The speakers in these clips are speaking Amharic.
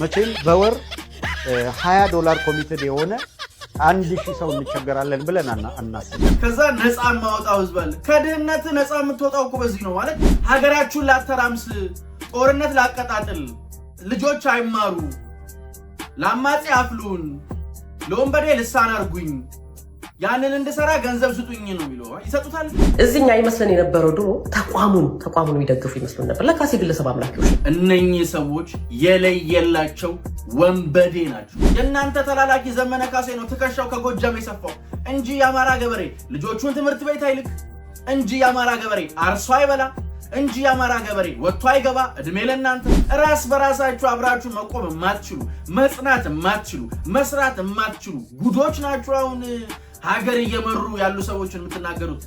መቼም በወር 20 ዶላር ኮሚትድ የሆነ አንድ ሺህ ሰው እንቸገራለን ብለን አናስብ። ከዛ ነፃ የማወጣው ህዝብ አለ። ከድህነት ነፃ የምትወጣው እኮ በዚህ ነው ማለት ሀገራችሁን ላተራምስ፣ ጦርነት ላቀጣጥል፣ ልጆች አይማሩ፣ ለአማጺ አፍሉን፣ ለወንበዴ ልሳን አርጉኝ ያንን እንድሰራ ገንዘብ ስጡኝ ነው የሚለው። ይሰጡታል። እዚህኛ ይመስለን የነበረው ድሮ ተቋሙን ተቋሙን የሚደግፉ ይመስሉን ነበር። ለካሴ ግለሰብ አምላኪዎች እነኚህ ሰዎች የለየላቸው ወንበዴ ናቸው። የእናንተ ተላላኪ ዘመነ ካሴ ነው ትከሻው ከጎጃም የሰፋው እንጂ የአማራ ገበሬ ልጆቹን ትምህርት ቤት አይልክ እንጂ የአማራ ገበሬ አርሶ አይበላ እንጂ የአማራ ገበሬ ወጥቶ አይገባ። እድሜ ለእናንተ። ራስ በራሳችሁ አብራችሁ መቆም የማትችሉ መጽናት የማትችሉ መስራት የማትችሉ ጉዶች ናችሁ አሁን ሀገር እየመሩ ያሉ ሰዎችን የምትናገሩት?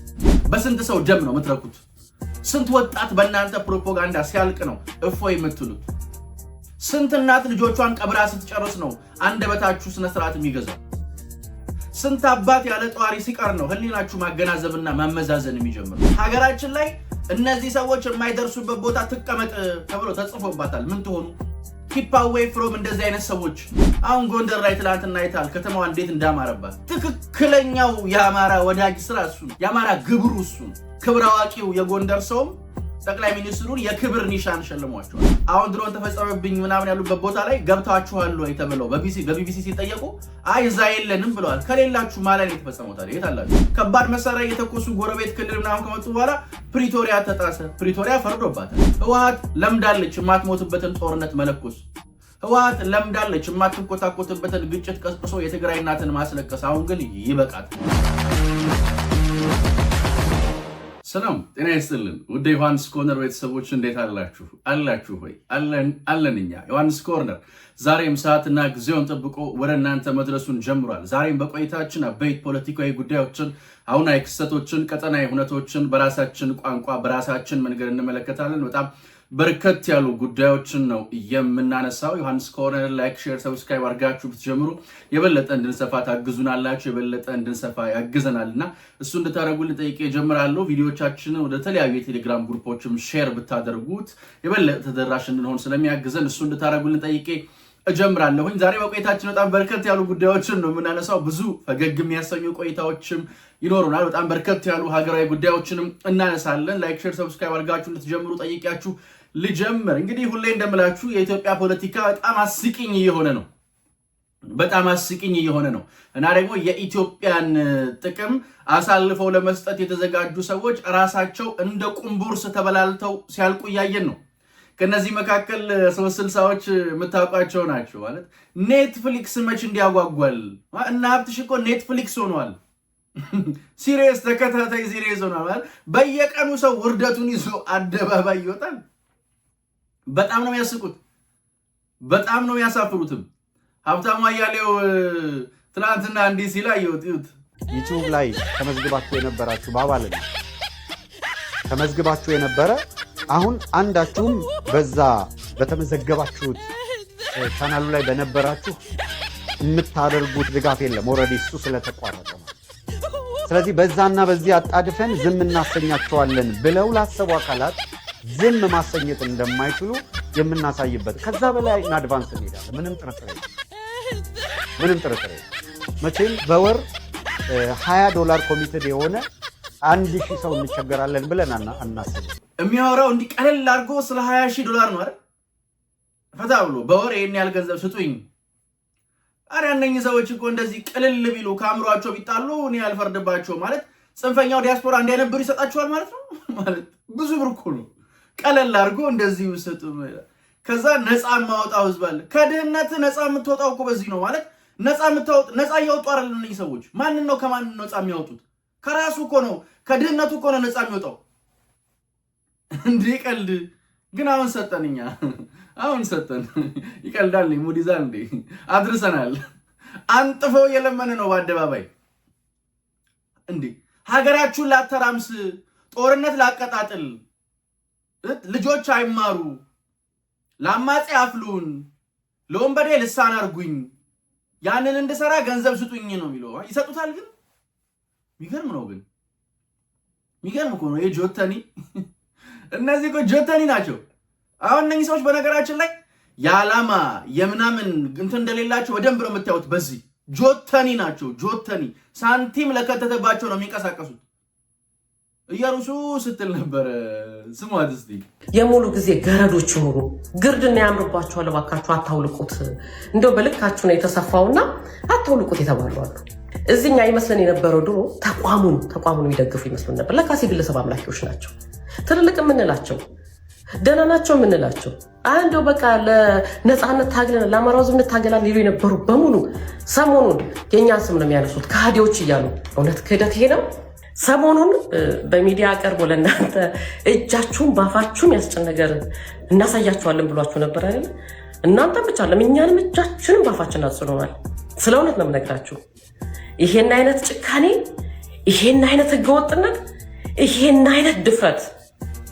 በስንት ሰው ደም ነው የምትረኩት? ስንት ወጣት በእናንተ ፕሮፓጋንዳ ሲያልቅ ነው እፎይ የምትሉት? ስንት እናት ልጆቿን ቀብራ ስትጨርስ ነው አንደበታችሁ ስነስርዓት የሚገዛው? ስንት አባት ያለ ጠዋሪ ሲቀር ነው ህሊናችሁ ማገናዘብና ማመዛዘን የሚጀምሩ? ሀገራችን ላይ እነዚህ ሰዎች የማይደርሱበት ቦታ ትቀመጥ ተብሎ ተጽፎባታል። ምን ትሆኑ? ኪፕ አዌይ ፍሮም እንደዚህ አይነት ሰዎች። አሁን ጎንደር ላይ ትናንትና አይታል ከተማዋ እንዴት እንዳማረባት። ትክክለኛው የአማራ ወዳጅ ስራ እሱ ነው። የአማራ ግብሩ እሱ ነው። ክብረ አዋቂው የጎንደር ሰውም ጠቅላይ ሚኒስትሩን የክብር ኒሻን ሸልሟቸዋል። አሁን ድሮን ተፈጸመብኝ ምናምን ያሉበት ቦታ ላይ ገብታችኋል ወይ ተብለው በቢቢሲ ሲጠየቁ አይ እዛ የለንም ብለዋል። ከሌላችሁ ማላ ላይ የተፈጸመው። ታዲያ የት አላችሁ? ከባድ መሳሪያ እየተኮሱ ጎረቤት ክልል ምናምን ከመጡ በኋላ ፕሪቶሪያ ተጣሰ። ፕሪቶሪያ ፈርዶባታል። ህወሓት ለምዳለች የማትሞትበትን ጦርነት መለኮስ። ህወሓት ለምዳለች የማትንኮታኮትበትን ግጭት ቀስቅሶ የትግራይ እናትን ማስለቀስ። አሁን ግን ይበቃታል። ሰላም ጤና ይስጥልን ውድ ዮሐንስ ኮርነር ቤተሰቦች እንዴት አላችሁ? አላችሁ ሆይ አለን። እኛ ዮሐንስ ኮርነር ዛሬም ሰዓትና ጊዜውን ጠብቆ ወደ እናንተ መድረሱን ጀምሯል። ዛሬም በቆይታችን አበይት ፖለቲካዊ ጉዳዮችን፣ አሁናዊ ክስተቶችን፣ ቀጠናዊ ሁነቶችን በራሳችን ቋንቋ በራሳችን መንገድ እንመለከታለን። በጣም በርከት ያሉ ጉዳዮችን ነው የምናነሳው። ዮሐንስ ኮርነር ላይክ፣ ሼር፣ ሰብስክራይብ አድርጋችሁ ብትጀምሩ የበለጠ እንድንሰፋ ታግዙናላችሁ፣ የበለጠ እንድንሰፋ ያግዘናል እና እሱ እንድታደረጉልን ጠይቄ እጀምራለሁ። ቪዲዮቻችንን ወደ ተለያዩ የቴሌግራም ግሩፖችም ሼር ብታደርጉት የበለጠ ተደራሽ እንድንሆን ስለሚያግዘን እሱ እንድታደረጉልን ጠይቄ እጀምራለሁኝ። ዛሬ በቆይታችን በጣም በርከት ያሉ ጉዳዮችን ነው የምናነሳው። ብዙ ፈገግ የሚያሰኙ ቆይታዎችም ይኖሩናል። በጣም በርከት ያሉ ሀገራዊ ጉዳዮችንም እናነሳለን። ላይክ ሼር፣ ሰብስክራይብ አድርጋችሁ እንድትጀምሩ ጠይቂያችሁ ልጀምር። እንግዲህ ሁሌ እንደምላችሁ የኢትዮጵያ ፖለቲካ በጣም አስቂኝ እየሆነ ነው በጣም አስቂኝ እየሆነ ነው እና ደግሞ የኢትዮጵያን ጥቅም አሳልፈው ለመስጠት የተዘጋጁ ሰዎች ራሳቸው እንደ ቁምቡርስ ተበላልተው ሲያልቁ እያየን ነው። ከእነዚህ መካከል ሶስት ስልሳዎች የምታውቋቸው ናቸው። ማለት ኔትፍሊክስ መች እንዲያጓጓል እና ሀብትሽ እኮ ኔትፍሊክስ ሆኗል። ሲሪየስ ተከታታይ ሲሪየስ ሆኗል። በየቀኑ ሰው ውርደቱን ይዞ አደባባይ ይወጣል። በጣም ነው የሚያስቁት፣ በጣም ነው የሚያሳፍሩትም። ሀብታሙ አያሌው ትናንትና እንዲህ ሲል አየሁት። ይሁት ዩቲዩብ ላይ ተመዝግባችሁ የነበራችሁ ባባል ተመዝግባችሁ የነበረ አሁን አንዳችሁም በዛ በተመዘገባችሁት ቻናሉ ላይ በነበራችሁ የምታደርጉት ድጋፍ የለም። ኦልሬዲ እሱ ስለተቋረጠ ነው። ስለዚህ በዛና በዚህ አጣድፈን ዝም እናሰኛቸዋለን ብለው ላሰቡ አካላት ዝም ማሰኘት እንደማይችሉ የምናሳይበት ከዛ በላይ አድቫንስ እንሄዳለን። ምንም ጥርጥር ምንም ጥርጥር መቼም በወር 20 ዶላር ኮሚትድ የሆነ አንድ ሺህ ሰው እንቸገራለን ብለን አናስብ። የሚያወራው እንዲህ ቀለል አድርጎ ስለ 20 ሺህ ዶላር ነው አይደል? ፈታ ብሎ በወር ይህን ያህል ገንዘብ ስጡኝ። አረ እነኝህ ሰዎች እኮ እንደዚህ ቅልል ቢሉ ከአእምሯቸው ቢጣሉ እኔ ያልፈርድባቸው ማለት ጽንፈኛው ዲያስፖራ እንዲያነብሩ ይሰጣቸዋል ማለት ነው። ማለት ብዙ ብር እኮ ነው። ቀለል አድርጎ እንደዚህ ውሰጡ። ከዛ ነፃ የማወጣው ህዝብ አለ። ከድህነት ነፃ የምትወጣው እኮ በዚህ ነው ማለት ነፃ የምታወጥ ነፃ እያወጡ አይደለም እነዚህ ሰዎች። ማንን ነው ከማንን ነፃ የሚያወጡት? ከራሱ እኮ ነው ከድህነቱ እኮ ነው ነፃ የሚወጣው። እንዲህ ቀልድ ግን አሁን ሰጠን እኛ አሁን ሰጠን። ይቀልዳል ሙዲዛ እንዴ አድርሰናል። አንጥፈው የለመን ነው በአደባባይ እንዴ ሀገራችሁን ላተራምስ ጦርነት ላቀጣጥል ልጆች አይማሩ፣ ለአማጺ አፍሉን፣ ለወንበዴ ልሳን አርጉኝ፣ ያንን እንድሰራ ገንዘብ ስጡኝ ነው የሚለው። ይሰጡታል ግን ሚገርም ነው ግን ሚገርም እኮ ነው ይሄ ጆተኒ። እነዚህ እኮ ጆተኒ ናቸው። አሁን እነኚህ ሰዎች በነገራችን ላይ የዓላማ የምናምን እንትን እንደሌላቸው በደንብ ነው የምታዩት። በዚህ ጆተኒ ናቸው። ጆተኒ ሳንቲም ለከተተባቸው ነው የሚንቀሳቀሱት። እያሩሱ ስትል ነበር። ስሟት እስኪ የሙሉ ጊዜ ገረዶች ሁኑ ግርድና ያምርባችኋል። እባካችሁ አታውልቁት። እንደው በልካችሁ ነው የተሰፋውና አታውልቁት የተባሉ አሉ። እዚኛ ይመስለን የነበረው ድሮ ተቋሙን ተቋሙን የሚደግፉ ይመስሉን ነበር። ለካሴ ግለሰብ አምላኪዎች ናቸው። ትልልቅ የምንላቸው ደህና ናቸው የምንላቸው እንደው በቃ ለነፃነት ታግለን ለአማራ ሕዝብ እንታገላለን ይሉ የነበሩ በሙሉ ሰሞኑን የእኛን ስም ነው የሚያነሱት ከሃዲዎች እያሉ እውነት ክህደት ይሄ ነው። ሰሞኑን በሚዲያ ቀርቦ ለእናንተ እጃችሁን በአፋችሁም ያስጭን ነገር እናሳያችኋለን ብሏችሁ ነበር አይደለ? እናንተም ብቻ አለም እኛንም እጃችንም ባፋችን አጽኖናል። ስለ እውነት ነው የምነግራችሁ። ይሄን አይነት ጭካኔ፣ ይሄን አይነት ህገወጥነት፣ ይሄን አይነት ድፍረት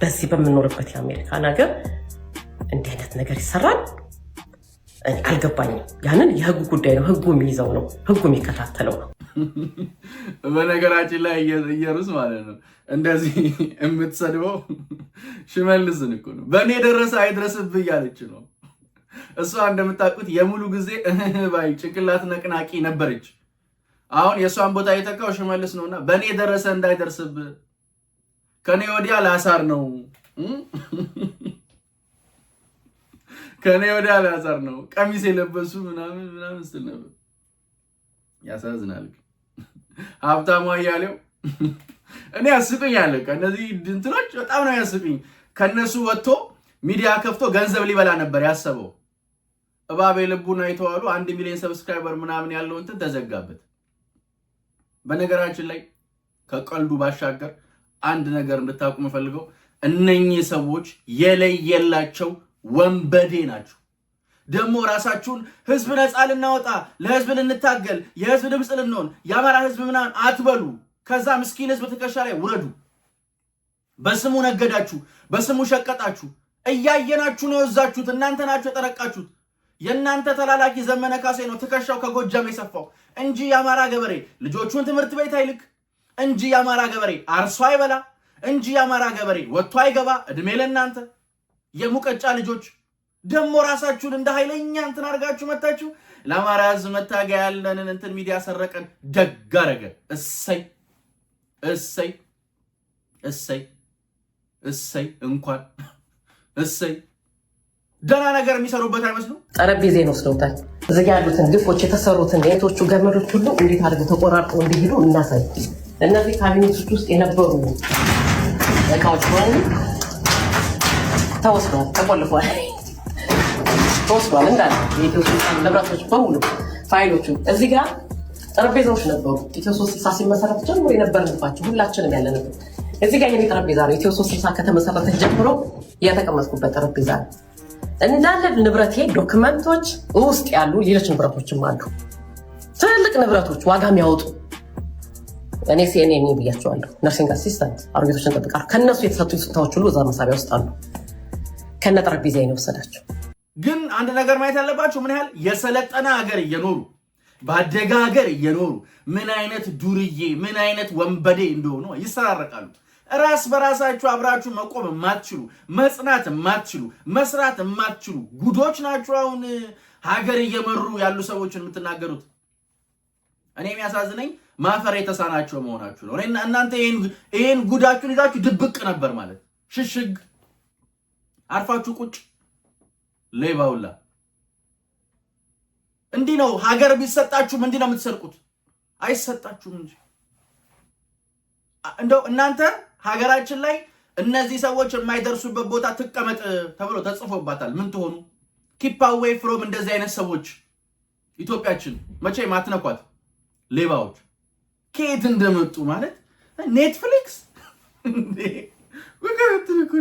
በዚህ በምንኖርበት የአሜሪካን ሀገር እንዲህ አይነት ነገር ይሰራል አልገባኝም። ያንን የህጉ ጉዳይ ነው። ህጉ የሚይዘው ነው። ህጉ የሚከታተለው ነው። በነገራችን ላይ እየሩስ ማለት ነው እንደዚህ የምትሰድበው ሽመልስን እኮ ነው። በእኔ ደረሰ አይድረስብህ እያለች ነው። እሷ እንደምታውቁት የሙሉ ጊዜ ባይ ጭንቅላት ነቅናቂ ነበረች። አሁን የእሷን ቦታ የተካው ሽመልስ ነውና በእኔ ደረሰ እንዳይደርስብህ ከኔ ወዲያ ላሳር ነው ከኔ ወዲያ ላሳር ነው ቀሚስ የለበሱ ምናምን ምናምን ስትል ነበር። ያሳዝናል። ሀብታሙ አያሌው እኔ ያስቁኛል። እነዚህ እንትኖች በጣም ነው ያስቁኝ። ከነሱ ወጥቶ ሚዲያ ከፍቶ ገንዘብ ሊበላ ነበር ያሰበው። እባቤ ልቡና የተዋሉ አንድ ሚሊዮን ሰብስክራይበር ምናምን ያለው እንትን ተዘጋበት። በነገራችን ላይ ከቀልዱ ባሻገር አንድ ነገር እንድታውቁ የምፈልገው እነኚህ ሰዎች የለየላቸው ወንበዴ ናቸው። ደግሞ ራሳችሁን ህዝብ ነፃ ልናወጣ ለህዝብ ልንታገል የህዝብ ድምፅ ልንሆን የአማራ ህዝብ ምናምን አትበሉ። ከዛ ምስኪን ህዝብ ትከሻ ላይ ውረዱ። በስሙ ነገዳችሁ፣ በስሙ ሸቀጣችሁ። እያየናችሁ ነው የወዛችሁት። እናንተ ናችሁ የጠረቃችሁት። የእናንተ ተላላኪ ዘመነ ካሴ ነው ትከሻው ከጎጃም የሰፋው እንጂ የአማራ ገበሬ ልጆቹን ትምህርት ቤት አይልክ እንጂ የአማራ ገበሬ አርሶ አይበላ እንጂ የአማራ ገበሬ ወጥቶ አይገባ። እድሜ ለእናንተ የሙቀጫ ልጆች ደግሞ ራሳችሁን እንደ ኃይለኛ እንትን አድርጋችሁ መታችሁ። ለአማራ ህዝብ መታገያ ያለንን እንትን ሚዲያ ሰረቀን፣ ደግ አረገ። እሰይ እሰይ እሰይ እሰይ እንኳን እሰይ ደህና ነገር የሚሰሩበት አይመስሉ ነው ስለውታል። እዚህ ያሉትን ግፎች የተሰሩትን የቶቹ ገመዶች ሁሉ እንዴት አድርገው ተቆራርጠው እንዲሄዱ እናሳይ። እነዚህ ካቢኔቶች ውስጥ የነበሩ እቃዎች ተወስደዋል፣ ተቆልፏል። ፖስቷን ማለት የኢትዮ ሶስት ንብረቶች በሙሉ ፋይሎቹን እዚህ ጋር ጠረጴዛዎች ነበሩ። ኢትዮ ሶስት ስልሳ ሲመሰረት ጀምሮ የነበርንባቸው ሁላችንም ያለንበት እዚህ ጋር የኔ ጠረጴዛ ነው። ኢትዮ ሶስት ስልሳ ከተመሰረተ ጀምሮ የተቀመጥኩበት ጠረጴዛ ነው። እንዳለ ንብረቴ ዶክመንቶች ውስጥ ያሉ ሌሎች ንብረቶችም አሉ። ትልልቅ ንብረቶች ዋጋ የሚያወጡ እኔ ሲኤንኤን ብያቸዋለሁ። ነርሲንግ አሲስታንት አሮጌቶችን ጠብቃሉ። ከእነሱ የተሰጡ ስጦታዎች ሁሉ እዛ መሳቢያ ውስጥ አሉ። ከነ ጠረጴዛ ነው የወሰዳቸው። ግን አንድ ነገር ማየት ያለባችሁ ምን ያህል የሰለጠነ ሀገር እየኖሩ ባደገ ሀገር እየኖሩ ምን አይነት ዱርዬ ምን አይነት ወንበዴ እንደሆኑ ይሰራረቃሉ። ራስ በራሳችሁ አብራችሁ መቆም የማትችሉ መጽናት የማትችሉ መስራት የማትችሉ ጉዶች ናችሁ። አሁን ሀገር እየመሩ ያሉ ሰዎችን የምትናገሩት እኔ የሚያሳዝነኝ ማፈር የተሳናቸው መሆናችሁ ነው። እናንተ ይህን ጉዳችሁን ይዛችሁ ድብቅ ነበር ማለት ሽሽግ አርፋችሁ ቁጭ ሌባ ሁላ እንዲህ ነው። ሀገር ቢሰጣችሁ ምንድን ነው የምትሰርቁት። አይሰጣችሁም እንጂ እንደው እናንተ ሀገራችን ላይ እነዚህ ሰዎች የማይደርሱበት ቦታ ትቀመጥ ተብሎ ተጽፎባታል። ምን ትሆኑ ኪፕ አዌይ ፍሮም እንደዚህ አይነት ሰዎች ኢትዮጵያችን መቼ ማትነኳት ሌባዎች ከየት እንደመጡ ማለት ኔትፍሊክስ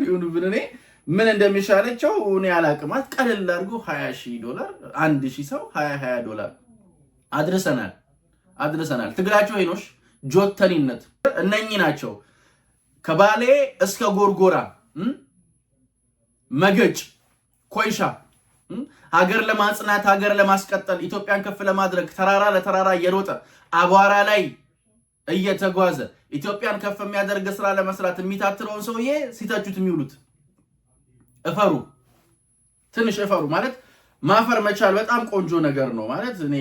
ሆኑብን እኔ ምን እንደሚሻለቸው እኔ አላቅማት። ቀለል አድርጎ 20 ሺህ ዶላር አንድ ሺህ ሰው 20 20 ዶላር አድርሰናል አድርሰናል። ትግላቸው ይኖሽ ጆተኒነት እነኚህ ናቸው። ከባሌ እስከ ጎርጎራ መገጭ ኮይሻ ሀገር ለማጽናት ሀገር ለማስቀጠል ኢትዮጵያን ከፍ ለማድረግ ተራራ ለተራራ እየሮጠ አቧራ ላይ እየተጓዘ ኢትዮጵያን ከፍ የሚያደርግ ስራ ለመስራት የሚታትረውን ሰውዬ ሲተቹት የሚውሉት እፈሩ፣ ትንሽ እፈሩ ማለት ማፈር መቻል በጣም ቆንጆ ነገር ነው ማለት እኔ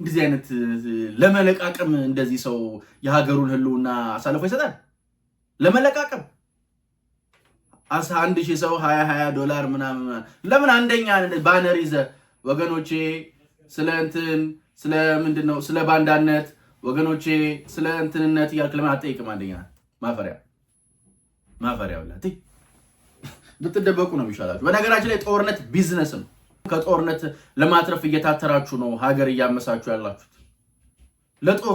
እንደዚህ አይነት ለመለቃቀም እንደዚህ ሰው የሀገሩን ህልውና አሳልፎ ይሰጣል። ለመለቃቀም አንድ ሺህ ሰው ሀያ ሀያ ዶላር ምናምን ለምን አንደኛ ባነር ይዘ ወገኖቼ ስለ እንትን ስለ ምንድን ነው ስለ ባንዳነት ወገኖቼ ስለ እንትንነት እያልክ ለምን አትጠይቅም? አንደኛ ማፈሪያ ማፈሪያ ብላ እንድትደበቁ ነው የሚሻላችሁ። በነገራችን ላይ ጦርነት ቢዝነስ ነው። ከጦርነት ለማትረፍ እየታተራችሁ ነው ሀገር እያመሳችሁ ያላችሁት።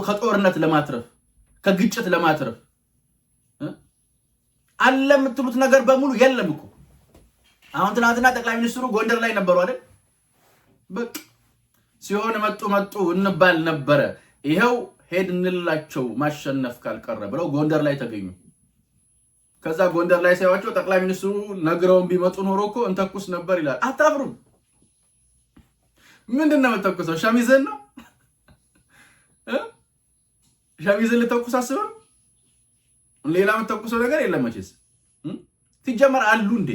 ከጦርነት ለማትረፍ ከግጭት ለማትረፍ አለ የምትሉት ነገር በሙሉ የለም እኮ። አሁን ትናንትና ጠቅላይ ሚኒስትሩ ጎንደር ላይ ነበሩ አይደል? በቅ ሲሆን መጡ መጡ እንባል ነበረ። ይኸው ሄድ ማሸነፍ ካልቀረ ብለው ጎንደር ላይ ተገኙ። ከዛ ጎንደር ላይ ሳይዋቸው ጠቅላይ ሚኒስትሩ ነግረውን ቢመጡ ኖሮ እኮ እንተኩስ ነበር ይላል። አታፍሩም? ምንድን ነው የምተኩሰው? ሸሚዝን ነው ሸሚዝን ልተኩስ አስበው። ሌላ የምትተኩሰው ነገር የለም መቼስ። ሲጀመር አሉ እንዴ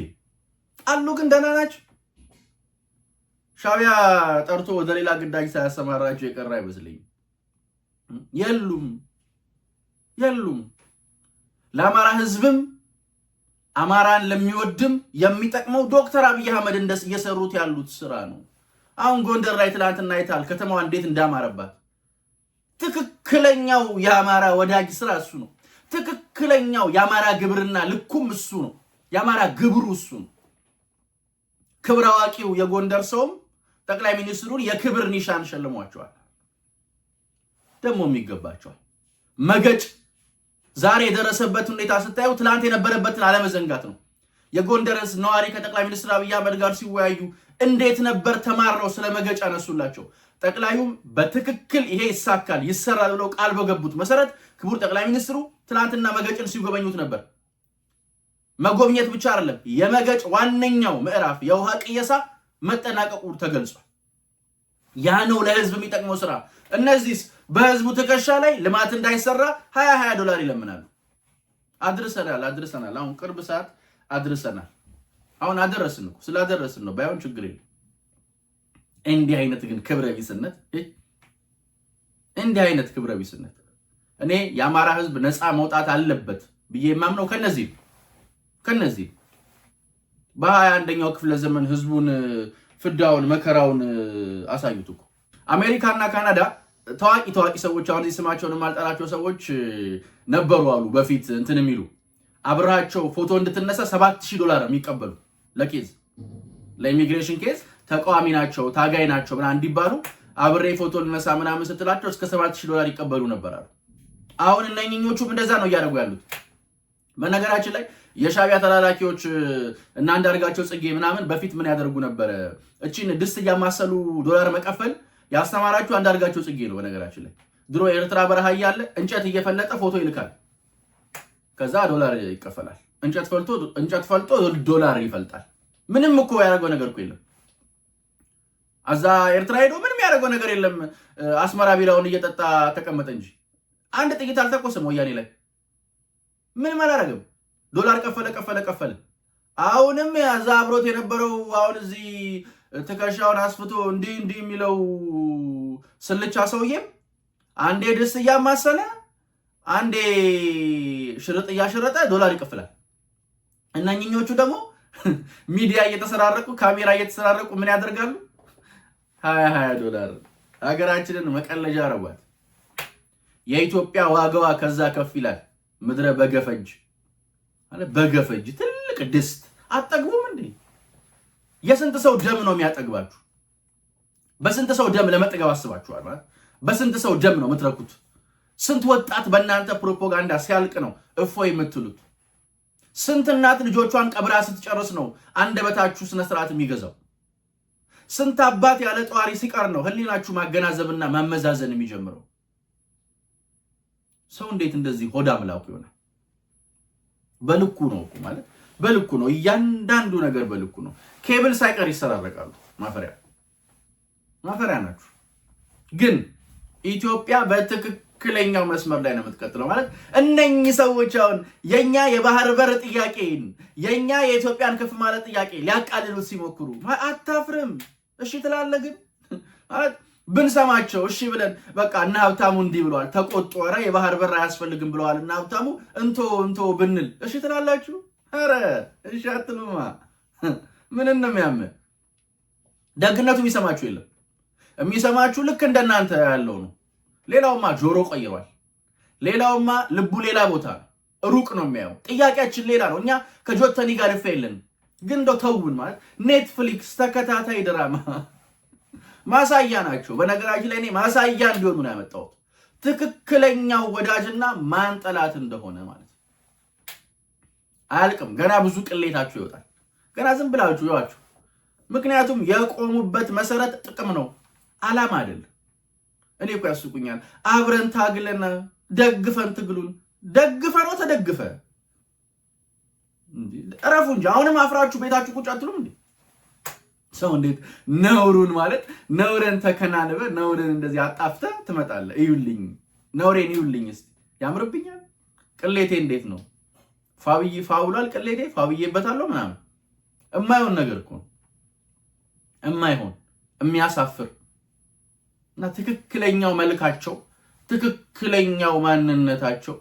አሉ፣ ግን ደህና ናቸው። ሻቢያ ጠርቶ ወደ ሌላ ግዳጅ ሳያሰማራቸው የቀረ አይመስለኝም። የሉም የሉም ለአማራ ህዝብም አማራን ለሚወድም የሚጠቅመው ዶክተር አብይ አህመድ እንደስ እየሰሩት ያሉት ስራ ነው። አሁን ጎንደር ላይ ትላንትና አይተሃል፣ ከተማዋ እንዴት እንዳማረባት። ትክክለኛው የአማራ ወዳጅ ስራ እሱ ነው። ትክክለኛው የአማራ ግብርና ልኩም እሱ ነው። የአማራ ግብሩ እሱ ነው። ክብር አዋቂው የጎንደር ሰውም ጠቅላይ ሚኒስትሩን የክብር ኒሻን ሸልሟቸዋል። ደግሞ የሚገባቸዋል መገጭ ዛሬ የደረሰበት ሁኔታ ስታየው ትላንት የነበረበትን አለመዘንጋት ነው። የጎንደርስ ነዋሪ ከጠቅላይ ሚኒስትር አብይ አህመድ ጋር ሲወያዩ እንዴት ነበር ተማረው ስለ መገጫ ነሱላቸው። ጠቅላዩም በትክክል ይሄ ይሳካል ይሰራል ብለው ቃል በገቡት መሰረት ክቡር ጠቅላይ ሚኒስትሩ ትላንትና መገጭን ሲጎበኙት ነበር። መጎብኘት ብቻ አይደለም፣ የመገጭ ዋነኛው ምዕራፍ የውሃ ቅየሳ መጠናቀቁ ተገልጿል። ያ ነው ለህዝብ የሚጠቅመው ስራ። እነዚህስ በህዝቡ ትከሻ ላይ ልማት እንዳይሰራ ሀያ ሀያ ዶላር ይለምናሉ። አድርሰናል አድርሰናል። አሁን ቅርብ ሰዓት አድርሰናል። አሁን አደረስን እኮ ስላደረስን ነው። ባይሆን ችግር የለም። እንዲህ አይነት ግን ክብረ ቢስነት እንዲህ አይነት ክብረ ቢስነት እኔ የአማራ ህዝብ ነፃ መውጣት አለበት ብዬ የማምነው ከነዚህ ከነዚህ በሀያ አንደኛው ክፍለ ዘመን ህዝቡን ፍዳውን መከራውን አሳዩት እኮ አሜሪካና ካናዳ ታዋቂ ታዋቂ ሰዎች አሁን እዚህ ስማቸውን የማልጠራቸው ሰዎች ነበሩ አሉ በፊት እንትን የሚሉ አብራቸው ፎቶ እንድትነሳ ሰባት ዶላር የሚቀበሉ ለኬዝ ለኢሚግሬሽን ኬዝ ተቃዋሚ ናቸው ታጋይ ናቸው ምናምን እንዲባሉ አብሬ ፎቶ ልነሳ ምናምን ስትላቸው እስከ ሰባት ዶላር ይቀበሉ ነበር አሉ። አሁን እነኝኞቹም እንደዛ ነው እያደረጉ ያሉት። በነገራችን ላይ የሻቢያ ተላላኪዎች እና አንዳርጋቸው ጽጌ ምናምን በፊት ምን ያደርጉ ነበረ? እቺን ድስት እያማሰሉ ዶላር መቀፈል ያስተማራችሁ አንዳርጋቸው ጽጌ ነው። በነገራችን ላይ ድሮ ኤርትራ በረሃ እያለ እንጨት እየፈለጠ ፎቶ ይልካል። ከዛ ዶላር ይከፈላል። እንጨት ፈልጦ እንጨት ፈልጦ ዶላር ይፈልጣል። ምንም እኮ ያደረገው ነገር እኮ የለም። አዛ ኤርትራ ሄዶ ምንም ያደረገው ነገር የለም። አስመራ ቢራውን እየጠጣ ተቀመጠ እንጂ አንድ ጥይት አልተኮሰም ወያኔ ላይ ምንም አላደረገም። ዶላር ከፈለ ከፈለ ከፈለ። አሁንም ያዛ አብሮት የነበረው አሁን እዚህ ትከሻውን አስፍቶ እንዲህ እንዲህ የሚለው ስልቻ ሰውዬም አንዴ ድስት እያማሰለ አንዴ ሽርጥ እያሸረጠ ዶላር ይከፍላል። እነኝኞቹ ደግሞ ሚዲያ እየተሰራረቁ ካሜራ እየተሰራረቁ ምን ያደርጋሉ? ሀያ ሀያ ዶላር ሀገራችንን መቀለጃ አረቧት። የኢትዮጵያ ዋጋዋ ከዛ ከፍ ይላል። ምድረ በገፈጅ በገፈጅ ትልቅ ድስት አጠግቡ የስንት ሰው ደም ነው የሚያጠግባችሁ? በስንት ሰው ደም ለመጠገብ አስባችኋል? ማለት በስንት ሰው ደም ነው የምትረኩት? ስንት ወጣት በእናንተ ፕሮፓጋንዳ ሲያልቅ ነው እፎ የምትሉት? ስንት እናት ልጆቿን ቀብራ ስትጨርስ ነው አንደበታችሁ ስነ ስርዓት የሚገዛው? ስንት አባት ያለ ጠዋሪ ሲቀር ነው ህሊናችሁ ማገናዘብና ማመዛዘን የሚጀምረው? ሰው እንዴት እንደዚህ ሆዳ ምላኩ ይሆናል? በልኩ ነው እኮ ማለት በልኩ ነው። እያንዳንዱ ነገር በልኩ ነው። ኬብል ሳይቀር ይሰራረቃሉ። ማፈሪያ ማፈሪያ ናችሁ። ግን ኢትዮጵያ በትክክለኛው መስመር ላይ ነው የምትቀጥለው። ማለት እነኚህ ሰዎች አሁን የእኛ የባህር በር ጥያቄን የእኛ የኢትዮጵያን ከፍ ማለት ጥያቄ ሊያቃልሉት ሲሞክሩ አታፍርም? እሺ ትላለህ። ግን ማለት ብንሰማቸው እሺ ብለን በቃ እነ ሀብታሙ እንዲህ ብለዋል፣ ተቆጦረ የባህር በር አያስፈልግም ብለዋል እነ ሀብታሙ እንቶ እንቶ ብንል እሺ ትላላችሁ? ኧረ እሺ አትሉማ። ምንን ነው የሚያምን? ደግነቱ የሚሰማችሁ የለም። የሚሰማችሁ ልክ እንደናንተ ያለው ነው። ሌላውማ ጆሮ ቀይሯል። ሌላውማ ልቡ ሌላ ቦታ ነው። ሩቅ ነው የሚያየው። ጥያቄያችን ሌላ ነው። እኛ ከጆተኒ ጋር እፍ የለን፣ ግን እንደው ተውን ማለት ኔትፍሊክስ ተከታታይ ድራማ ማሳያ ናቸው። በነገራችን ላይ እኔ ማሳያ እንዲሆኑ ነው ያመጣሁት። ትክክለኛው ወዳጅና ማን ማንጠላት እንደሆነ ማለት አያልቅም። ገና ብዙ ቅሌታችሁ ይወጣል። ገና ዝም ብላችሁ ይዋችሁ። ምክንያቱም የቆሙበት መሰረት ጥቅም ነው፣ አላማ አይደል። እኔ እኮ ያስቁኛል። አብረን ታግለን ደግፈን ትግሉን ደግፈ ነው ተደግፈ እረፉ እንጂ አሁንም አፍራችሁ ቤታችሁ ቁጭ አትሉም እንዴ? ሰው እንዴት ነውሩን ማለት ነውረን ተከናንበ ነውረን እንደዚህ አጣፍተ ትመጣለ። እዩልኝ፣ ነውሬን እዩልኝ ያምርብኛል። ቅሌቴ እንዴት ነው? ፋብዬ ፋውላል ቅሌዴ ፋብዬበታለሁ ምናምን እማይሆን ነገር እኮ እማይሆን የሚያሳፍር እና ትክክለኛው መልካቸው ትክክለኛው ማንነታቸው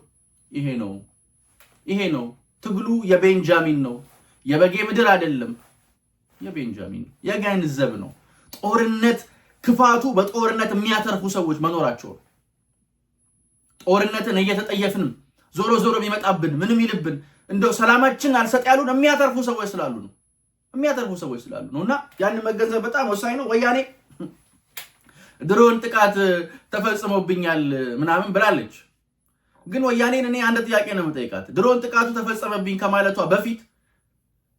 ይሄ ነው። ይሄ ነው ትግሉ። የቤንጃሚን ነው፣ የበጌ ምድር አይደለም። የቤንጃሚን ነው፣ የገንዘብ ነው። ጦርነት ክፋቱ በጦርነት የሚያተርፉ ሰዎች መኖራቸው ጦርነትን እየተጠየፍንም ዞሮ ዞሮ የሚመጣብን ምንም ይልብን እንደው ሰላማችን አልሰጥ ያሉን የሚያተርፉ ሰዎች ስላሉ ነው የሚያተርፉ ሰዎች ስላሉ ነው። እና ያንን መገንዘብ በጣም ወሳኝ ነው። ወያኔ ድሮን ጥቃት ተፈጽሞብኛል ምናምን ብላለች። ግን ወያኔን እኔ አንድ ጥያቄ ነው የምጠይቃት። ድሮን ጥቃቱ ተፈጸመብኝ ከማለቷ በፊት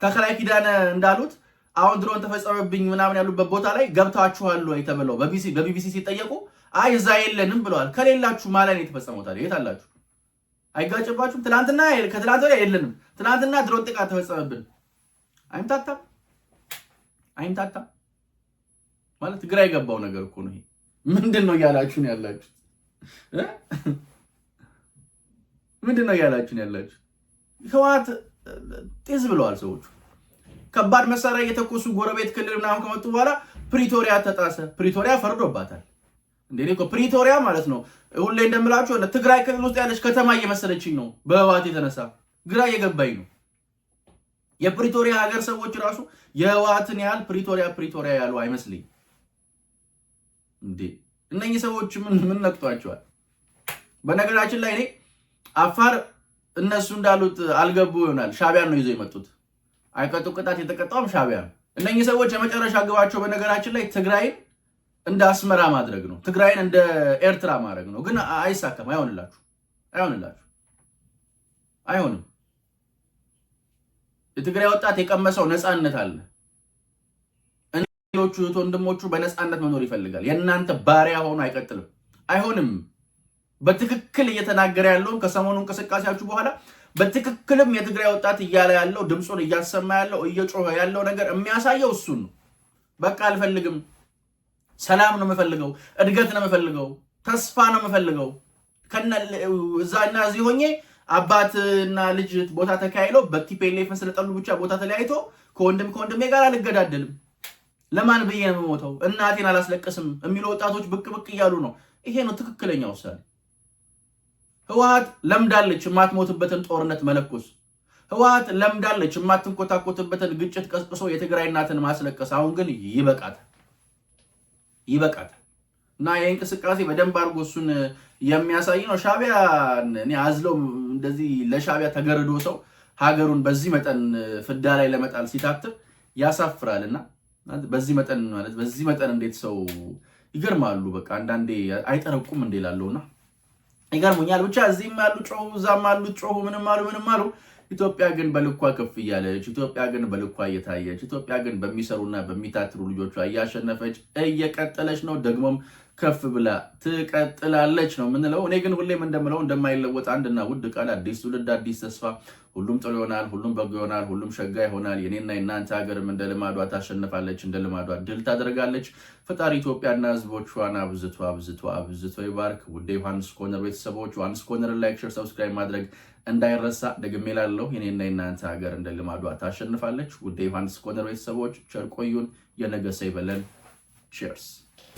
ተከላይ ኪዳነ እንዳሉት አሁን ድሮን ተፈጸመብኝ ምናምን ያሉበት ቦታ ላይ ገብታችኋል ወይ ተብለው በቢቢሲ ሲጠየቁ አይ እዛ የለንም ብለዋል። ከሌላችሁ ማለ የተፈጸመታል የት አላችሁ? አይጋጭባችሁም? ትናንትና ከትናንት ወዲያ የለንም። ትናንትና ድሮን ጥቃት ተፈጸመብን። አይምታታም አይምታታም ማለት ግራ የገባው ነገር እኮ ነው። ምንድን ነው እያላችሁን ያላችሁት? ምንድን ነው እያላችሁን ያላችሁት? ህወሓት ጤዝ ብለዋል ሰዎቹ። ከባድ መሳሪያ እየተኮሱ ጎረቤት ክልል ምናምን ከመጡ በኋላ ፕሪቶሪያ ተጣሰ። ፕሪቶሪያ ፈርዶባታል። እንደ ፕሪቶሪያ ማለት ነው ሁሌ እንደምላችሁ ትግራይ ክልል ውስጥ ያለች ከተማ እየመሰለችኝ ነው። በህወሓት የተነሳ ግራ እየገባኝ ነው። የፕሪቶሪያ ሀገር ሰዎች ራሱ የህወሓትን ያህል ፕሪቶሪያ ፕሪቶሪያ ያሉ አይመስልኝ እንዴ! እነኚህ ሰዎች ምን ነቅቷቸዋል? በነገራችን ላይ እኔ አፋር እነሱ እንዳሉት አልገቡ ይሆናል። ሻቢያን ነው ይዘው የመጡት። አይቀጡ ቅጣት የተቀጣውም ሻቢያ ነው። እነኚህ ሰዎች የመጨረሻ ግባቸው በነገራችን ላይ ትግራይን እንደ አስመራ ማድረግ ነው። ትግራይን እንደ ኤርትራ ማድረግ ነው። ግን አይሳካም። አይሆንላችሁ፣ አይሆንላችሁ፣ አይሆንም። የትግራይ ወጣት የቀመሰው ነፃነት አለ። ሌሎቹ ወንድሞቹ በነፃነት መኖር ይፈልጋል። የእናንተ ባሪያ ሆኖ አይቀጥልም፣ አይሆንም። በትክክል እየተናገረ ያለውን ከሰሞኑ እንቅስቃሴያችሁ በኋላ በትክክልም የትግራይ ወጣት እያለ ያለው ድምፁን እያሰማ ያለው እየጮኸ ያለው ነገር የሚያሳየው እሱን ነው። በቃ አልፈልግም ሰላም ነው የምፈልገው፣ እድገት ነው የምፈልገው፣ ተስፋ ነው የምፈልገው። እዛ እዚህ ሆኜ አባትና ልጅ ቦታ ተካሂሎ በቲፔሌፍን ስለጠሉ ብቻ ቦታ ተለያይቶ ከወንድም ከወንድሜ ጋር አልገዳደልም፣ ለማን ብዬ ነው የምሞተው፣ እናቴን አላስለቅስም የሚሉ ወጣቶች ብቅ ብቅ እያሉ ነው። ይሄ ነው ትክክለኛ ውሳኔ። ህወሓት ለምዳለች የማትሞትበትን ጦርነት መለኮስ። ህወሓት ለምዳለች የማትንኮታኮትበትን ግጭት ቀስቅሶ የትግራይ እናትን ማስለቀስ። አሁን ግን ይበቃታል። ይበቃታል። እና ይህ እንቅስቃሴ በደንብ አድርጎ እሱን የሚያሳይ ነው። ሻቢያ እኔ አዝለው እንደዚህ ለሻቢያ ተገርዶ ሰው ሀገሩን በዚህ መጠን ፍዳ ላይ ለመጣል ሲታትር ያሳፍራል። እና በዚህ መጠን ማለት በዚህ መጠን እንዴት ሰው ይገርማሉ። በቃ አንዳንዴ አይጠረቁም እንዴ ላለውና ይገርሙኛል። ብቻ እዚህም ያሉ ጮሁ፣ እዛም አሉ ጮሁ፣ ምንም አሉ ምንም አሉ ኢትዮጵያ ግን በልኳ ከፍ እያለች፣ ኢትዮጵያ ግን በልኳ እየታየች፣ ኢትዮጵያ ግን በሚሰሩና በሚታትሩ ልጆቿ እያሸነፈች እየቀጠለች ነው ደግሞም ከፍ ብላ ትቀጥላለች ነው የምንለው። እኔ ግን ሁሌም እንደምለው እንደማይለወጥ አንድና ውድ ቃል አዲስ ትውልድ አዲስ ተስፋ፣ ሁሉም ጥሩ ይሆናል፣ ሁሉም በጎ ይሆናል፣ ሁሉም ሸጋ ይሆናል። የኔና የናንተ ሀገርም እንደ ልማዷ ታሸንፋለች፣ እንደ ልማዷ ድል ታደርጋለች። ፈጣሪ ኢትዮጵያና ሕዝቦቿን አብዝቶ አብዝቶ አብዝቶ ይባርክ። ውድ ዮሐንስ ኮነር ቤተሰቦች ዮሐንስ ኮነር ላይክ፣ ሼር፣ ሰብስክራይብ ማድረግ እንዳይረሳ። ደግሜ ላለው የኔና የናንተ ሀገር እንደ ልማዷ ታሸንፋለች። ውድ ዮሐንስ ኮነር ቤተሰቦች ቸር ቆዩን። የነገ ሰው ይበለን። ቼርስ